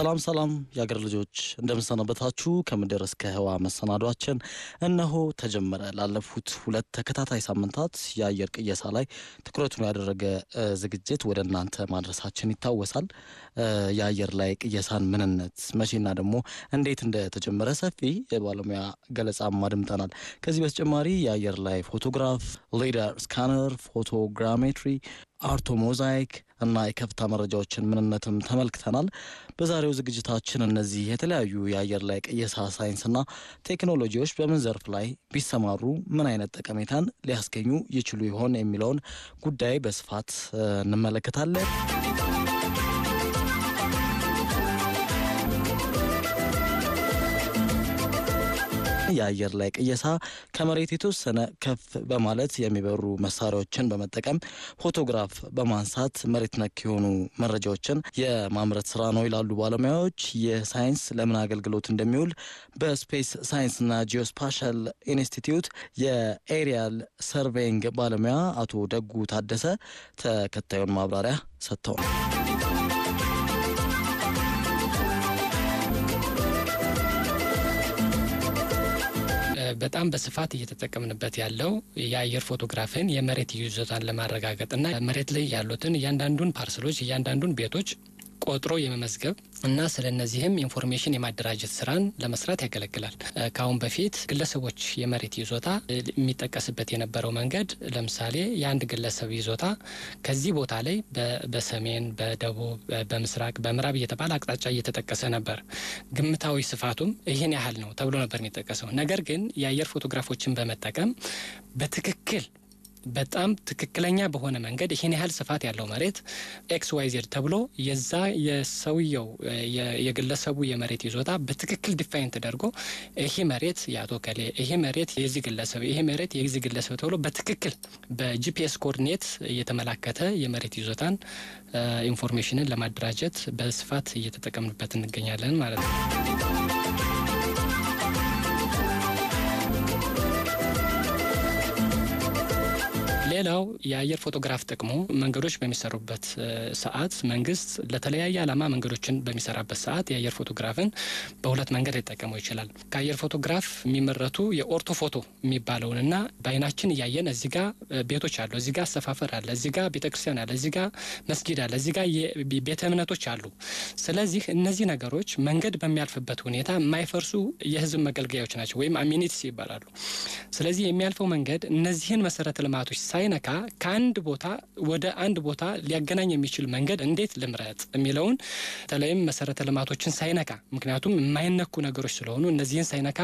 ሰላም ሰላም የአገር ልጆች እንደምሰነበታችሁ። ከምድር እስከ ህዋ መሰናዷችን እነሆ ተጀመረ። ላለፉት ሁለት ተከታታይ ሳምንታት የአየር ቅየሳ ላይ ትኩረቱን ያደረገ ዝግጅት ወደ እናንተ ማድረሳችን ይታወሳል። የአየር ላይ ቅየሳን ምንነት፣ መቼና ደግሞ እንዴት እንደተጀመረ ሰፊ የባለሙያ ገለጻ አድምጠናል። ከዚህ በተጨማሪ የአየር ላይ ፎቶግራፍ፣ ሌደር ስካነር፣ ፎቶግራሜትሪ፣ አርቶ ሞዛይክ እና የከፍታ መረጃዎችን ምንነትም ተመልክተናል። በዛሬው ዝግጅታችን እነዚህ የተለያዩ የአየር ላይ ቅየሳ ሳይንስና ቴክኖሎጂዎች በምን ዘርፍ ላይ ቢሰማሩ ምን አይነት ጠቀሜታን ሊያስገኙ ይችሉ ይሆን የሚለውን ጉዳይ በስፋት እንመለከታለን። የአየር ላይ ቅየሳ ከመሬት የተወሰነ ከፍ በማለት የሚበሩ መሳሪያዎችን በመጠቀም ፎቶግራፍ በማንሳት መሬት ነክ የሆኑ መረጃዎችን የማምረት ስራ ነው ይላሉ ባለሙያዎች። ይህ ሳይንስ ለምን አገልግሎት እንደሚውል በስፔስ ሳይንስና ጂኦስፓሻል ኢንስቲትዩት የኤሪያል ሰርቬይንግ ባለሙያ አቶ ደጉ ታደሰ ተከታዩን ማብራሪያ ሰጥተዋል። በጣም በስፋት እየተጠቀምንበት ያለው የአየር ፎቶግራፍን የመሬት ይዞታን ለማረጋገጥና መሬት ላይ ያሉትን እያንዳንዱን ፓርሰሎች እያንዳንዱን ቤቶች ቆጥሮ የመመዝገብ እና ስለ እነዚህም ኢንፎርሜሽን የማደራጀት ስራን ለመስራት ያገለግላል። ከአሁን በፊት ግለሰቦች የመሬት ይዞታ የሚጠቀስበት የነበረው መንገድ ለምሳሌ የአንድ ግለሰብ ይዞታ ከዚህ ቦታ ላይ በሰሜን፣ በደቡብ፣ በምስራቅ፣ በምዕራብ እየተባለ አቅጣጫ እየተጠቀሰ ነበር። ግምታዊ ስፋቱም ይህን ያህል ነው ተብሎ ነበር የሚጠቀሰው። ነገር ግን የአየር ፎቶግራፎችን በመጠቀም በትክክል በጣም ትክክለኛ በሆነ መንገድ ይህን ያህል ስፋት ያለው መሬት ኤክስ ዋይ ዜድ ተብሎ የዛ የሰውየው የግለሰቡ የመሬት ይዞታ በትክክል ዲፋይን ተደርጎ ይሄ መሬት የአቶ ከሌ ይሄ መሬት የዚህ ግለሰብ ይሄ መሬት የዚህ ግለሰብ ተብሎ በትክክል በጂፒኤስ ኮኦርዲኔት እየተመላከተ የመሬት ይዞታን ኢንፎርሜሽንን ለማደራጀት በስፋት እየተጠቀምንበት እንገኛለን ማለት ነው። ሌላው የአየር ፎቶግራፍ ጥቅሙ መንገዶች በሚሰሩበት ሰዓት መንግስት ለተለያየ አላማ መንገዶችን በሚሰራበት ሰዓት የአየር ፎቶግራፍን በሁለት መንገድ ሊጠቀሙ ይችላል። ከአየር ፎቶግራፍ የሚመረቱ የኦርቶ ፎቶ የሚባለውንና በአይናችን እያየን እዚህ ጋ ቤቶች አሉ፣ እዚህ ጋ አሰፋፈር አለ፣ እዚህ ጋ ቤተክርስቲያን አለ፣ እዚህ ጋ መስጊድ አለ፣ እዚህ ጋ ቤተ እምነቶች አሉ። ስለዚህ እነዚህ ነገሮች መንገድ በሚያልፍበት ሁኔታ የማይፈርሱ የህዝብ መገልገያዎች ናቸው ወይም አሚኒቲስ ይባላሉ። ስለዚህ የሚያልፈው መንገድ እነዚህን መሰረተ ልማቶች ሳይ ሳይነካ ከአንድ ቦታ ወደ አንድ ቦታ ሊያገናኝ የሚችል መንገድ እንዴት ልምረጥ የሚለውን በተለይም መሰረተ ልማቶችን ሳይነካ ምክንያቱም የማይነኩ ነገሮች ስለሆኑ እነዚህን ሳይነካ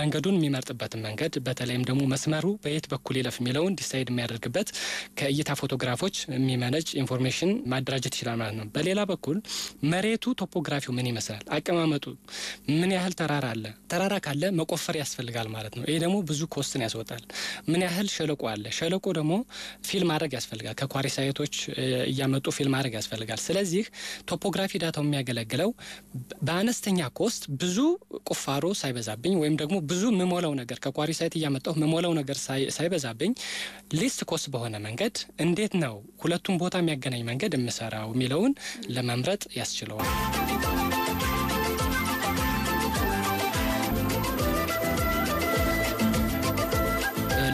መንገዱን የሚመርጥበትን መንገድ በተለይም ደግሞ መስመሩ በየት በኩል ይለፍ የሚለውን ዲሳይድ የሚያደርግበት ከእይታ ፎቶግራፎች የሚመነጭ ኢንፎርሜሽን ማደራጀት ይችላል ማለት ነው። በሌላ በኩል መሬቱ ቶፖግራፊው ምን ይመስላል፣ አቀማመጡ ምን ያህል ተራራ አለ፣ ተራራ ካለ መቆፈር ያስፈልጋል ማለት ነው። ይሄ ደግሞ ብዙ ኮስትን ያስወጣል። ምን ያህል ሸለቆ አለ፣ ሸለቆ ደግሞ ደግሞ ፊልም ማድረግ ያስፈልጋል። ከኳሪሳይቶች እያመጡ ፊልም ማድረግ ያስፈልጋል። ስለዚህ ቶፖግራፊ ዳታው የሚያገለግለው በአነስተኛ ኮስት ብዙ ቁፋሮ ሳይበዛብኝ ወይም ደግሞ ብዙ ምሞላው ነገር ከኳሪሳይት እያመጣሁ ምሞላው ነገር ሳይበዛብኝ ሊስት ኮስት በሆነ መንገድ እንዴት ነው ሁለቱም ቦታ የሚያገናኝ መንገድ የምሰራው የሚለውን ለመምረጥ ያስችለዋል።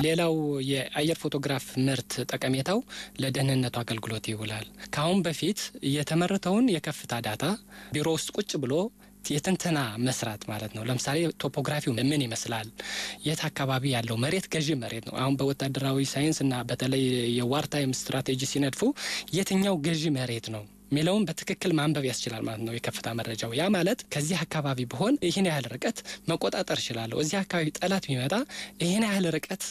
ሌላው የአየር ፎቶግራፍ ምርት ጠቀሜታው ለደህንነቱ አገልግሎት ይውላል። ከአሁን በፊት የተመረተውን የከፍታ ዳታ ቢሮ ውስጥ ቁጭ ብሎ የትንተና መስራት ማለት ነው። ለምሳሌ ቶፖግራፊው ምን ይመስላል፣ የት አካባቢ ያለው መሬት ገዢ መሬት ነው። አሁን በወታደራዊ ሳይንስ እና በተለይ የዋርታይም ስትራቴጂ ሲነድፉ የትኛው ገዢ መሬት ነው የሚለውን በትክክል ማንበብ ያስችላል ማለት ነው የከፍታ መረጃው። ያ ማለት ከዚህ አካባቢ ብሆን ይህን ያህል ርቀት መቆጣጠር እችላለሁ፣ እዚህ አካባቢ ጠላት ቢመጣ ይህን ያህል ርቀት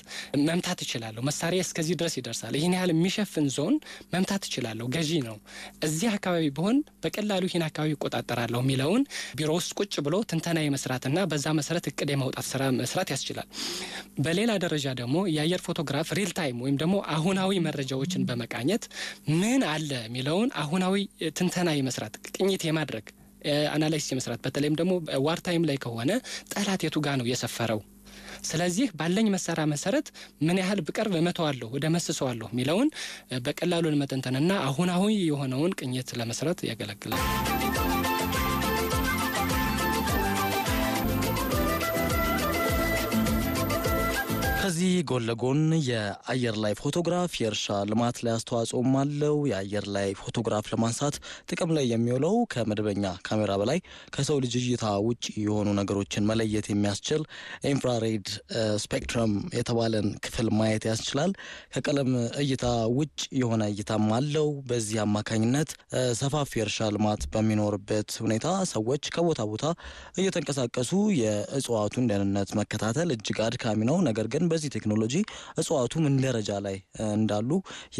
መምታት እችላለሁ፣ መሳሪያ እስከዚህ ድረስ ይደርሳል፣ ይህን ያህል የሚሸፍን ዞን መምታት እችላለሁ፣ ገዢ ነው። እዚህ አካባቢ ብሆን በቀላሉ ይህን አካባቢ እቆጣጠራለሁ የሚለውን ቢሮ ውስጥ ቁጭ ብሎ ትንተና የመስራትና በዛ መሰረት እቅድ የማውጣት ስራ መስራት ያስችላል። በሌላ ደረጃ ደግሞ የአየር ፎቶግራፍ ሪል ታይም ወይም ደግሞ አሁናዊ መረጃዎችን በመቃኘት ምን አለ የሚለውን አሁናዊ ትንተና የመስራት ቅኝት የማድረግ አናላይሲስ የመስራት በተለይም ደግሞ ዋርታይም ላይ ከሆነ ጠላት የቱ ጋ ነው የሰፈረው ስለዚህ ባለኝ መሳሪያ መሰረት ምን ያህል ብቀርብ እመተዋለሁ ወደ መስሰዋለሁ የሚለውን በቀላሉን መተንተንና አሁን አሁን የሆነውን ቅኝት ለመስራት ያገለግላል። ከዚህ ጎን ለጎን የአየር ላይ ፎቶግራፍ የእርሻ ልማት ላይ አስተዋጽኦም አለው። የአየር ላይ ፎቶግራፍ ለማንሳት ጥቅም ላይ የሚውለው ከመደበኛ ካሜራ በላይ ከሰው ልጅ እይታ ውጭ የሆኑ ነገሮችን መለየት የሚያስችል ኢንፍራሬድ ስፔክትረም የተባለን ክፍል ማየት ያስችላል። ከቀለም እይታ ውጭ የሆነ እይታም አለው። በዚህ አማካኝነት ሰፋፊ የእርሻ ልማት በሚኖርበት ሁኔታ ሰዎች ከቦታ ቦታ እየተንቀሳቀሱ የእጽዋቱን ደህንነት መከታተል እጅግ አድካሚ ነው። ነገር ግን በዚህ በዚህ ቴክኖሎጂ እጽዋቱ ምን ደረጃ ላይ እንዳሉ፣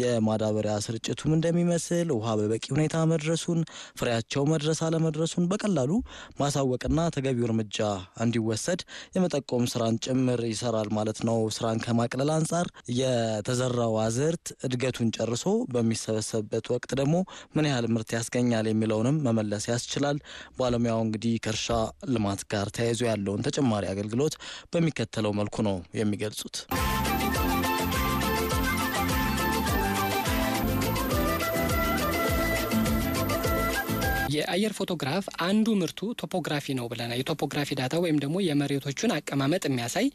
የማዳበሪያ ስርጭቱ ምን እንደሚመስል፣ ውሃ በበቂ ሁኔታ መድረሱን፣ ፍሬያቸው መድረስ አለመድረሱን በቀላሉ ማሳወቅና ተገቢው እርምጃ እንዲወሰድ የመጠቆም ስራን ጭምር ይሰራል ማለት ነው። ስራን ከማቅለል አንጻር የተዘራው አዝርት እድገቱን ጨርሶ በሚሰበሰብበት ወቅት ደግሞ ምን ያህል ምርት ያስገኛል የሚለውንም መመለስ ያስችላል። ባለሙያው እንግዲህ ከእርሻ ልማት ጋር ተያይዞ ያለውን ተጨማሪ አገልግሎት በሚከተለው መልኩ ነው የሚገልጹት። Sport. የአየር ፎቶግራፍ አንዱ ምርቱ ቶፖግራፊ ነው ብለናል። የቶፖግራፊ ዳታ ወይም ደግሞ የመሬቶቹን አቀማመጥ የሚያሳይ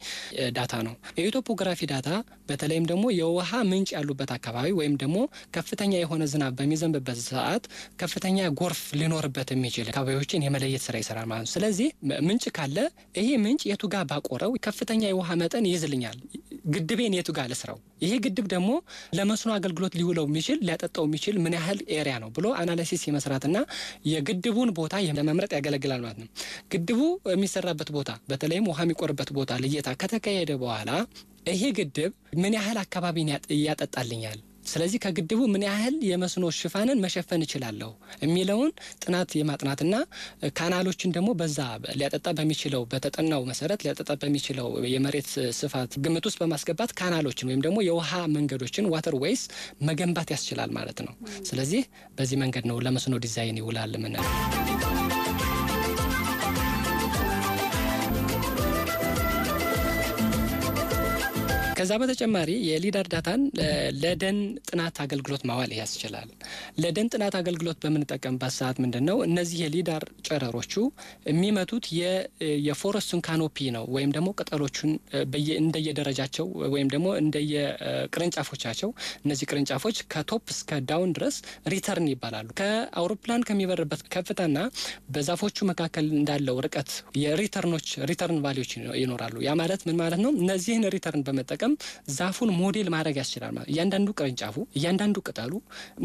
ዳታ ነው። የቶፖግራፊ ዳታ በተለይም ደግሞ የውሃ ምንጭ ያሉበት አካባቢ ወይም ደግሞ ከፍተኛ የሆነ ዝናብ በሚዘንብበት ሰዓት ከፍተኛ ጎርፍ ሊኖርበት የሚችል አካባቢዎችን የመለየት ስራ ይሰራል ማለት ነው። ስለዚህ ምንጭ ካለ ይሄ ምንጭ የቱጋ ባቆረው ከፍተኛ የውሃ መጠን ይይዝልኛል፣ ግድቤን የቱጋ ልስራው፣ ይሄ ግድብ ደግሞ ለመስኖ አገልግሎት ሊውለው የሚችል ሊያጠጣው የሚችል ምን ያህል ኤሪያ ነው ብሎ አናላሲስ የመስራትና የግድቡን ቦታ ለመምረጥ ያገለግላል ማለት ነው። ግድቡ የሚሰራበት ቦታ በተለይም ውሃ የሚቆርበት ቦታ ልየታ ከተካሄደ በኋላ ይሄ ግድብ ምን ያህል አካባቢን ያጠጣልኛል ስለዚህ ከግድቡ ምን ያህል የመስኖ ሽፋንን መሸፈን እችላለሁ የሚለውን ጥናት የማጥናትና ካናሎችን ደግሞ በዛ ሊያጠጣ በሚችለው በተጠናው መሰረት ሊያጠጣ በሚችለው የመሬት ስፋት ግምት ውስጥ በማስገባት ካናሎችን ወይም ደግሞ የውሃ መንገዶችን ዋተር ወይስ መገንባት ያስችላል ማለት ነው። ስለዚህ በዚህ መንገድ ነው ለመስኖ ዲዛይን ይውላል ምንል ከዛ በተጨማሪ የሊድ እርዳታን ለደን ጥናት አገልግሎት ማዋል ያስችላል። ለደን ጥናት አገልግሎት በምንጠቀምበት ሰዓት ምንድን ነው እነዚህ የሊዳር ጨረሮቹ የሚመቱት የፎረስቱን ካኖፒ ነው ወይም ደግሞ ቅጠሎቹን እንደየደረጃቸው ወይም ደግሞ እንደየቅርንጫፎቻቸው እነዚህ ቅርንጫፎች ከቶፕ እስከ ዳውን ድረስ ሪተርን ይባላሉ። ከአውሮፕላን ከሚበርበት ከፍታና በዛፎቹ መካከል እንዳለው ርቀት የሪተርኖች ሪተርን ቫሊዎች ይኖራሉ። ያ ማለት ምን ማለት ነው? እነዚህን ሪተርን በመጠቀም ምክንያቱም ዛፉን ሞዴል ማድረግ ያስችላል ማለት እያንዳንዱ ቅርንጫፉ እያንዳንዱ ቅጠሉ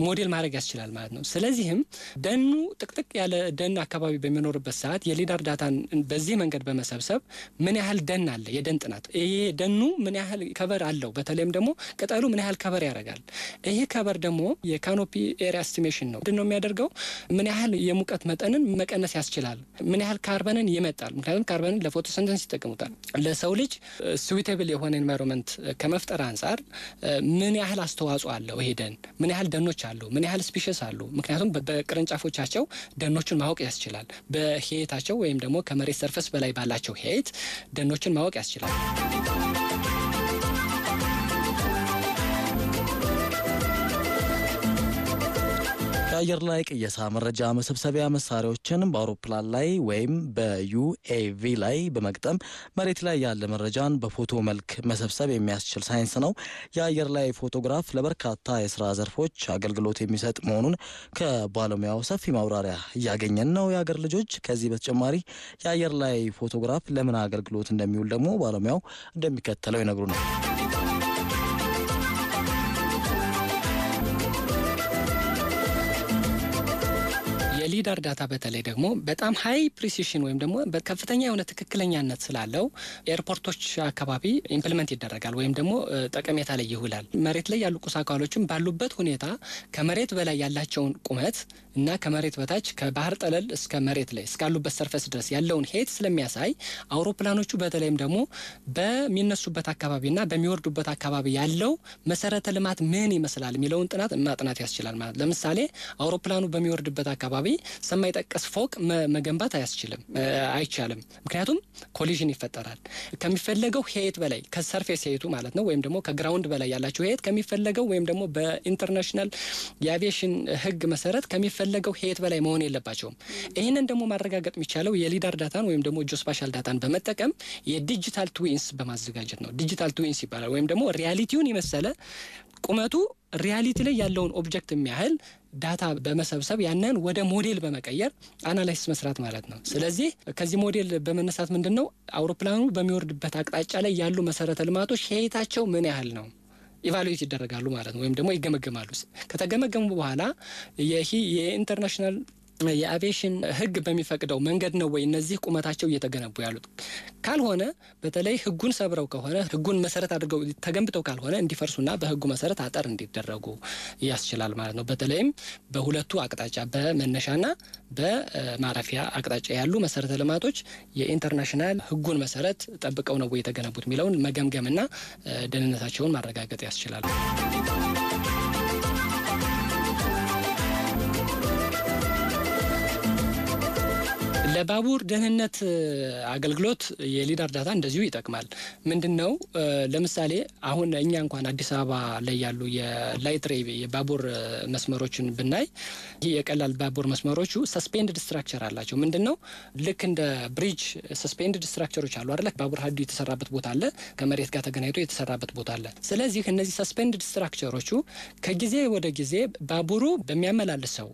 ሞዴል ማድረግ ያስችላል ማለት ነው። ስለዚህም ደኑ ጥቅጥቅ ያለ ደን አካባቢ በሚኖርበት ሰዓት የሊዳር ዳታን በዚህ መንገድ በመሰብሰብ ምን ያህል ደን አለ፣ የደን ጥናት ይሄ ደኑ ምን ያህል ከበር አለው፣ በተለይም ደግሞ ቅጠሉ ምን ያህል ከበር ያደርጋል። ይሄ ከበር ደግሞ የካኖፒ ኤሪያ ኤስቲሜሽን ነው። ምንድን ነው የሚያደርገው? ምን ያህል የሙቀት መጠንን መቀነስ ያስችላል፣ ምን ያህል ካርበንን ይመጣል። ምክንያቱም ካርበንን ለፎቶሰንተንስ ይጠቀሙታል። ለሰው ልጅ ስዊቴብል የሆነ ኤንቫይሮንመንት ከመፍጠር አንጻር ምን ያህል አስተዋጽኦ አለው? ይሄ ደን ምን ያህል ደኖች አሉ? ምን ያህል ስፒሽስ አሉ? ምክንያቱም በቅርንጫፎቻቸው ደኖችን ማወቅ ያስችላል። በሂየታቸው ወይም ደግሞ ከመሬት ሰርፈስ በላይ ባላቸው ሂየት ደኖችን ማወቅ ያስችላል። የአየር ላይ ቅየሳ መረጃ መሰብሰቢያ መሳሪያዎችን በአውሮፕላን ላይ ወይም በዩኤቪ ላይ በመግጠም መሬት ላይ ያለ መረጃን በፎቶ መልክ መሰብሰብ የሚያስችል ሳይንስ ነው። የአየር ላይ ፎቶግራፍ ለበርካታ የስራ ዘርፎች አገልግሎት የሚሰጥ መሆኑን ከባለሙያው ሰፊ ማብራሪያ እያገኘን ነው። የአገር ልጆች ከዚህ በተጨማሪ የአየር ላይ ፎቶግራፍ ለምን አገልግሎት እንደሚውል ደግሞ ባለሙያው እንደሚከተለው ይነግሩ ነው። በሊዳር እርዳታ በተለይ ደግሞ በጣም ሀይ ፕሪሲሽን ወይም ደግሞ ከፍተኛ የሆነ ትክክለኛነት ስላለው ኤርፖርቶች አካባቢ ኢምፕልመንት ይደረጋል ወይም ደግሞ ጠቀሜታ ላይ ይውላል። መሬት ላይ ያሉ ቁስ አካሎችን ባሉበት ሁኔታ ከመሬት በላይ ያላቸውን ቁመት እና ከመሬት በታች ከባህር ጠለል እስከ መሬት ላይ እስካሉበት ሰርፈስ ድረስ ያለውን ሄት ስለሚያሳይ አውሮፕላኖቹ በተለይም ደግሞ በሚነሱበት አካባቢና በሚወርዱበት አካባቢ ያለው መሰረተ ልማት ምን ይመስላል የሚለውን ጥናት ማጥናት ያስችላል ማለት። ለምሳሌ አውሮፕላኑ በሚወርድበት አካባቢ ሰማይ ጠቀስ ፎቅ መገንባት አያስችልም፣ አይቻልም። ምክንያቱም ኮሊዥን ይፈጠራል። ከሚፈለገው ሄት በላይ ከሰርፌስ ሄቱ ማለት ነው ወይም ደግሞ ከግራውንድ በላይ ያላቸው ሄት ከሚፈለገው ወይም ደግሞ በኢንተርናሽናል የአቪዬሽን ህግ መሰረት ከሚፈለገው ሄይት በላይ መሆን የለባቸውም። ይህንን ደግሞ ማረጋገጥ የሚቻለው የሊዳር ዳታን ወይም ደግሞ ጂኦስፓሻል ዳታን በመጠቀም የዲጂታል ትዊንስ በማዘጋጀት ነው። ዲጂታል ትዊንስ ይባላል ወይም ደግሞ ሪያሊቲውን የመሰለ ቁመቱ ሪያሊቲ ላይ ያለውን ኦብጀክት የሚያህል ዳታ በመሰብሰብ ያንን ወደ ሞዴል በመቀየር አናላይሲስ መስራት ማለት ነው። ስለዚህ ከዚህ ሞዴል በመነሳት ምንድን ነው አውሮፕላኑ በሚወርድበት አቅጣጫ ላይ ያሉ መሰረተ ልማቶች ሄይታቸው ምን ያህል ነው ኢቫሉዌት ይደረጋሉ ማለት ነው፣ ወይም ደግሞ ይገመገማሉ። ከተገመገሙ በኋላ ይህ የኢንተርናሽናል የአቪዬሽን ህግ በሚፈቅደው መንገድ ነው ወይ እነዚህ ቁመታቸው እየተገነቡ ያሉት? ካልሆነ በተለይ ህጉን ሰብረው ከሆነ ህጉን መሰረት አድርገው ተገንብተው ካልሆነ እንዲፈርሱና በህጉ መሰረት አጠር እንዲደረጉ ያስችላል ማለት ነው። በተለይም በሁለቱ አቅጣጫ በመነሻና በማረፊያ አቅጣጫ ያሉ መሰረተ ልማቶች የኢንተርናሽናል ህጉን መሰረት ጠብቀው ነው ወይ የተገነቡት የሚለውን መገምገምና ደህንነታቸውን ማረጋገጥ ያስችላል። ለባቡር ደህንነት አገልግሎት የሊዳ እርዳታ እንደዚሁ ይጠቅማል። ምንድን ነው ለምሳሌ አሁን እኛ እንኳን አዲስ አበባ ላይ ያሉ የላይት ሬይ የባቡር መስመሮችን ብናይ ይህ የቀላል ባቡር መስመሮቹ ሰስፔንድድ ስትራክቸር አላቸው። ምንድን ነው ልክ እንደ ብሪጅ ሰስፔንድድ ስትራክቸሮች አሉ አይደለ? ባቡር ሀዲዱ የተሰራበት ቦታ አለ፣ ከመሬት ጋር ተገናኝቶ የተሰራበት ቦታ አለ። ስለዚህ እነዚህ ሰስፔንድድ ስትራክቸሮቹ ከጊዜ ወደ ጊዜ ባቡሩ በሚያመላልሰው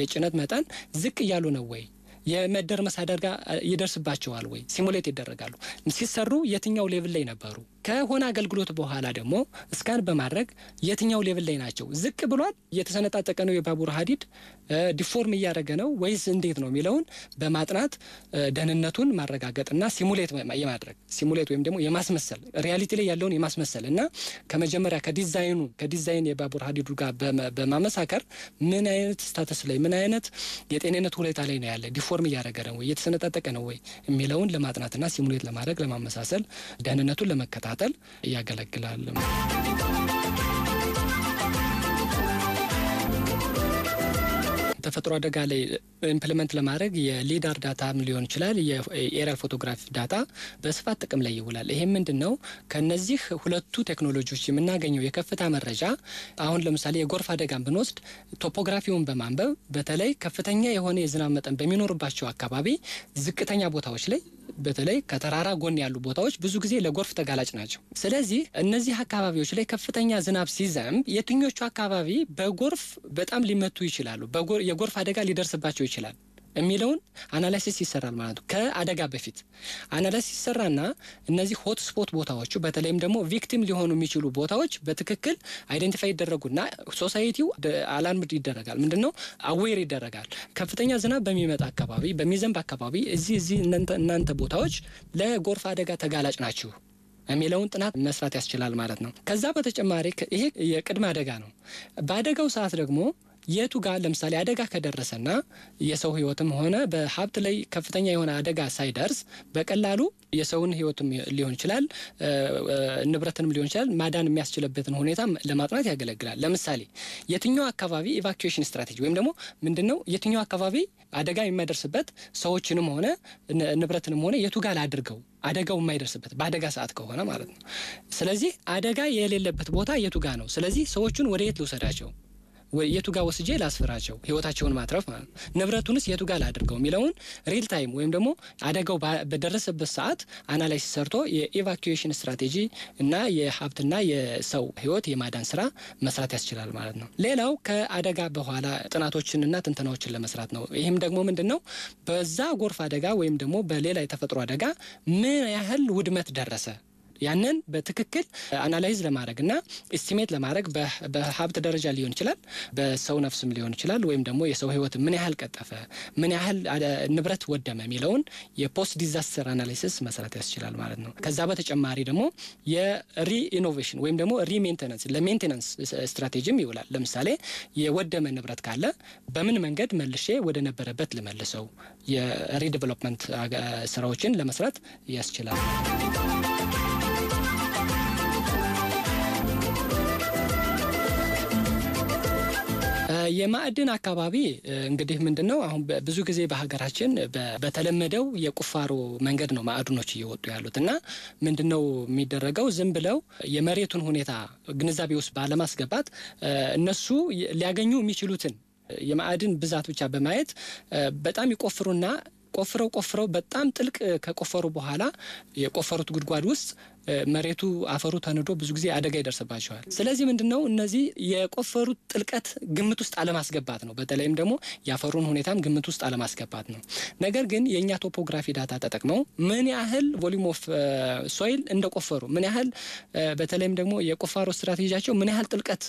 የጭነት መጠን ዝቅ እያሉ ነው ወይ የመደርመስ አደጋ ይደርስባቸዋል ወይ? ሲሙሌት ይደረጋሉ። ሲሰሩ የትኛው ሌቭል ላይ ነበሩ? ከሆነ አገልግሎት በኋላ ደግሞ እስካን በማድረግ የትኛው ሌቭል ላይ ናቸው? ዝቅ ብሏል፣ እየተሰነጣጠቀ ነው፣ የባቡር ሀዲድ ዲፎርም እያደረገ ነው ወይስ እንዴት ነው የሚለውን በማጥናት ደህንነቱን ማረጋገጥና ሲሙሌት የማድረግ ሲሙሌት ወይም ደግሞ የማስመሰል ሪያሊቲ ላይ ያለውን የማስመሰል እና ከመጀመሪያ ከዲዛይኑ ከዲዛይን የባቡር ሀዲዱ ጋር በማመሳከር ምን አይነት ስታተስ ላይ ምን አይነት የጤንነት ሁኔታ ላይ ነው ያለ ሪፎርም እያደረገ ነው ወይ እየተሰነጣጠቀ ነው ወይ የሚለውን ለማጥናትና ሲሙሌት ለማድረግ ለማመሳሰል፣ ደህንነቱን ለመከታተል ያገለግላል። ተፈጥሮ አደጋ ላይ ኢምፕሊመንት ለማድረግ የሊዳር ዳታም ሊሆን ይችላል፣ የኤሪያል ፎቶግራፊ ዳታ በስፋት ጥቅም ላይ ይውላል። ይሄ ምንድን ነው? ከነዚህ ሁለቱ ቴክኖሎጂዎች የምናገኘው የከፍታ መረጃ አሁን ለምሳሌ የጎርፍ አደጋን ብንወስድ ቶፖግራፊውን በማንበብ በተለይ ከፍተኛ የሆነ የዝናብ መጠን በሚኖርባቸው አካባቢ ዝቅተኛ ቦታዎች ላይ በተለይ ከተራራ ጎን ያሉ ቦታዎች ብዙ ጊዜ ለጎርፍ ተጋላጭ ናቸው። ስለዚህ እነዚህ አካባቢዎች ላይ ከፍተኛ ዝናብ ሲዘንብ የትኞቹ አካባቢ በጎርፍ በጣም ሊመቱ ይችላሉ? የጎርፍ አደጋ ሊደርስባቸው ይችላል? የሚለውን አናላሲስ ይሰራል ማለት ነው። ከአደጋ በፊት አናላሲስ ይሰራና እነዚህ ሆት ስፖት ቦታዎቹ በተለይም ደግሞ ቪክቲም ሊሆኑ የሚችሉ ቦታዎች በትክክል አይደንቲፋይ ይደረጉና ሶሳይቲው አላርምድ ይደረጋል። ምንድን ነው አዌር ይደረጋል። ከፍተኛ ዝናብ በሚመጣ አካባቢ፣ በሚዘንብ አካባቢ እዚህ እዚህ እናንተ ቦታዎች ለጎርፍ አደጋ ተጋላጭ ናችሁ የሚለውን ጥናት መስራት ያስችላል ማለት ነው። ከዛ በተጨማሪ ይሄ የቅድመ አደጋ ነው። በአደጋው ሰዓት ደግሞ የቱ ጋር ለምሳሌ አደጋ ከደረሰና የሰው ህይወትም ሆነ በሀብት ላይ ከፍተኛ የሆነ አደጋ ሳይደርስ በቀላሉ የሰውን ህይወትም ሊሆን ይችላል ንብረትንም ሊሆን ይችላል ማዳን የሚያስችልበትን ሁኔታ ለማጥናት ያገለግላል። ለምሳሌ የትኛው አካባቢ ኢቫኩዌሽን ስትራቴጂ ወይም ደግሞ ምንድነው የትኛው አካባቢ አደጋ የሚያደርስበት ሰዎችንም ሆነ ንብረትንም ሆነ የቱ ጋር ላድርገው አደጋው የማይደርስበት በአደጋ ሰዓት ከሆነ ማለት ነው። ስለዚህ አደጋ የሌለበት ቦታ የቱ ጋር ነው? ስለዚህ ሰዎቹን ወደ የት ልውሰዳቸው የቱ ጋር ወስጄ ላስፈራቸው ህይወታቸውን ማትረፍ ማለት ነው። ንብረቱንስ የቱ ጋር ላድርገው የሚለውን ሪል ታይም ወይም ደግሞ አደጋው በደረሰበት ሰዓት አናላይስ ሰርቶ የኤቫኪዌሽን ስትራቴጂ እና የሀብትና የሰው ህይወት የማዳን ስራ መስራት ያስችላል ማለት ነው። ሌላው ከአደጋ በኋላ ጥናቶችንና ትንተናዎችን ለመስራት ነው። ይህም ደግሞ ምንድን ነው በዛ ጎርፍ አደጋ ወይም ደግሞ በሌላ የተፈጥሮ አደጋ ምን ያህል ውድመት ደረሰ ያንን በትክክል አናላይዝ ለማድረግ እና ኤስቲሜት ለማድረግ በሀብት ደረጃ ሊሆን ይችላል፣ በሰው ነፍስም ሊሆን ይችላል፣ ወይም ደግሞ የሰው ህይወት ምን ያህል ቀጠፈ፣ ምን ያህል ንብረት ወደመ የሚለውን የፖስት ዲዛስተር አናላይሲስ መስራት ያስችላል ማለት ነው። ከዛ በተጨማሪ ደግሞ የሪኢኖቬሽን ወይም ደግሞ ሪሜንቴናንስ ለሜንቴናንስ ስትራቴጂም ይውላል። ለምሳሌ የወደመ ንብረት ካለ በምን መንገድ መልሼ ወደ ነበረበት ልመልሰው የሪዲቨሎፕመንት ስራዎችን ለመስራት ያስችላል። የማዕድን አካባቢ እንግዲህ ምንድን ነው አሁን ብዙ ጊዜ በሀገራችን በተለመደው የቁፋሮ መንገድ ነው ማዕድኖች እየወጡ ያሉት እና ምንድን ነው የሚደረገው ዝም ብለው የመሬቱን ሁኔታ ግንዛቤ ውስጥ ባለማስገባት እነሱ ሊያገኙ የሚችሉትን የማዕድን ብዛት ብቻ በማየት በጣም ይቆፍሩና ቆፍረው ቆፍረው በጣም ጥልቅ ከቆፈሩ በኋላ የቆፈሩት ጉድጓድ ውስጥ መሬቱ አፈሩ ተንዶ ብዙ ጊዜ አደጋ ይደርስባቸዋል። ስለዚህ ምንድን ነው እነዚህ የቆፈሩት ጥልቀት ግምት ውስጥ አለማስገባት ነው። በተለይም ደግሞ የአፈሩን ሁኔታም ግምት ውስጥ አለማስገባት ነው። ነገር ግን የእኛ ቶፖግራፊ ዳታ ተጠቅመው ምን ያህል ቮሊም ኦፍ ሶይል እንደቆፈሩ ምን ያህል በተለይም ደግሞ የቁፋሮ ስትራቴጂያቸው ምን ያህል ጥልቀት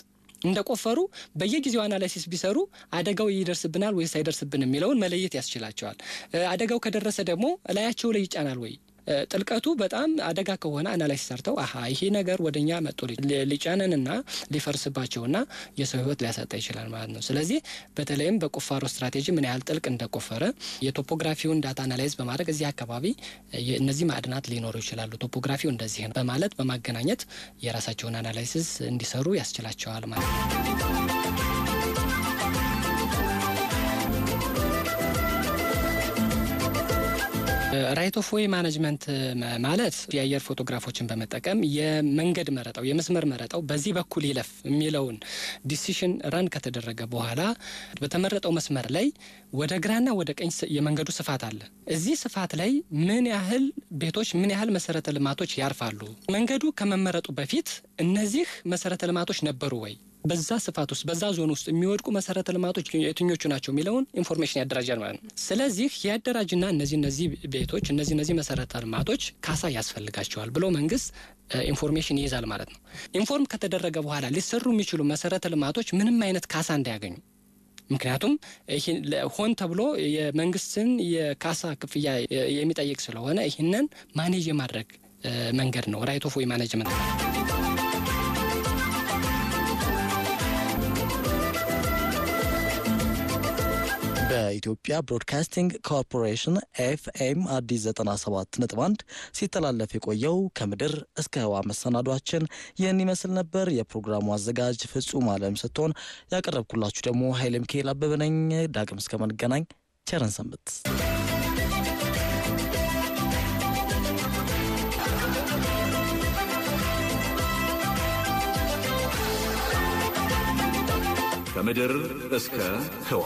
እንደቆፈሩ በየጊዜው አናላሲስ ቢሰሩ አደጋው ይደርስብናል ወይስ አይደርስብን የሚለውን መለየት ያስችላቸዋል። አደጋው ከደረሰ ደግሞ ላያቸው ላይ ይጫናል ወይ ጥልቀቱ በጣም አደጋ ከሆነ አናላይስ ሰርተው አሀ ይሄ ነገር ወደኛ መጡ ሊጫነንና ሊፈርስባቸውና የሰው ህይወት ሊያሳጣ ይችላል ማለት ነው። ስለዚህ በተለይም በቁፋሮ ስትራቴጂ ምን ያህል ጥልቅ እንደቆፈረ የቶፖግራፊውን ዳታ አናላይዝ በማድረግ እዚህ አካባቢ እነዚህ ማዕድናት ሊኖሩ ይችላሉ፣ ቶፖግራፊው እንደዚህ ነው በማለት በማገናኘት የራሳቸውን አናላይሲስ እንዲሰሩ ያስችላቸዋል ማለት ነው። ራይት ኦፍ ዌይ ማኔጅመንት ማለት የአየር ፎቶግራፎችን በመጠቀም የመንገድ መረጣው የመስመር መረጣው በዚህ በኩል ይለፍ የሚለውን ዲሲሽን ረን ከተደረገ በኋላ በተመረጠው መስመር ላይ ወደ ግራና ወደ ቀኝ የመንገዱ ስፋት አለ። እዚህ ስፋት ላይ ምን ያህል ቤቶች፣ ምን ያህል መሰረተ ልማቶች ያርፋሉ? መንገዱ ከመመረጡ በፊት እነዚህ መሰረተ ልማቶች ነበሩ ወይ? በዛ ስፋት ውስጥ በዛ ዞን ውስጥ የሚወድቁ መሰረተ ልማቶች የትኞቹ ናቸው የሚለውን ኢንፎርሜሽን ያደራጃል ማለት ነው። ስለዚህ ያደራጅና እነዚህ እነዚህ ቤቶች እነዚህ እነዚህ መሰረተ ልማቶች ካሳ ያስፈልጋቸዋል ብሎ መንግስት ኢንፎርሜሽን ይይዛል ማለት ነው። ኢንፎርም ከተደረገ በኋላ ሊሰሩ የሚችሉ መሰረተ ልማቶች ምንም አይነት ካሳ እንዳያገኙ ምክንያቱም ሆን ተብሎ የመንግስትን የካሳ ክፍያ የሚጠይቅ ስለሆነ ይህንን ማኔጅ የማድረግ መንገድ ነው ራይት ኦፍ ወይ ማኔጅመንት ከኢትዮጵያ ብሮድካስቲንግ ኮርፖሬሽን ኤፍኤም አዲስ 97 1 ሲተላለፍ የቆየው ከምድር እስከ ህዋ መሰናዷችን ይህን ይመስል ነበር። የፕሮግራሙ አዘጋጅ ፍጹም አለም ስትሆን ያቀረብኩላችሁ ደግሞ ሀይልም ኬል አበበ ነኝ። ዳግም እስከምንገናኝ ቸርን ሰንብት። ከምድር እስከ ህዋ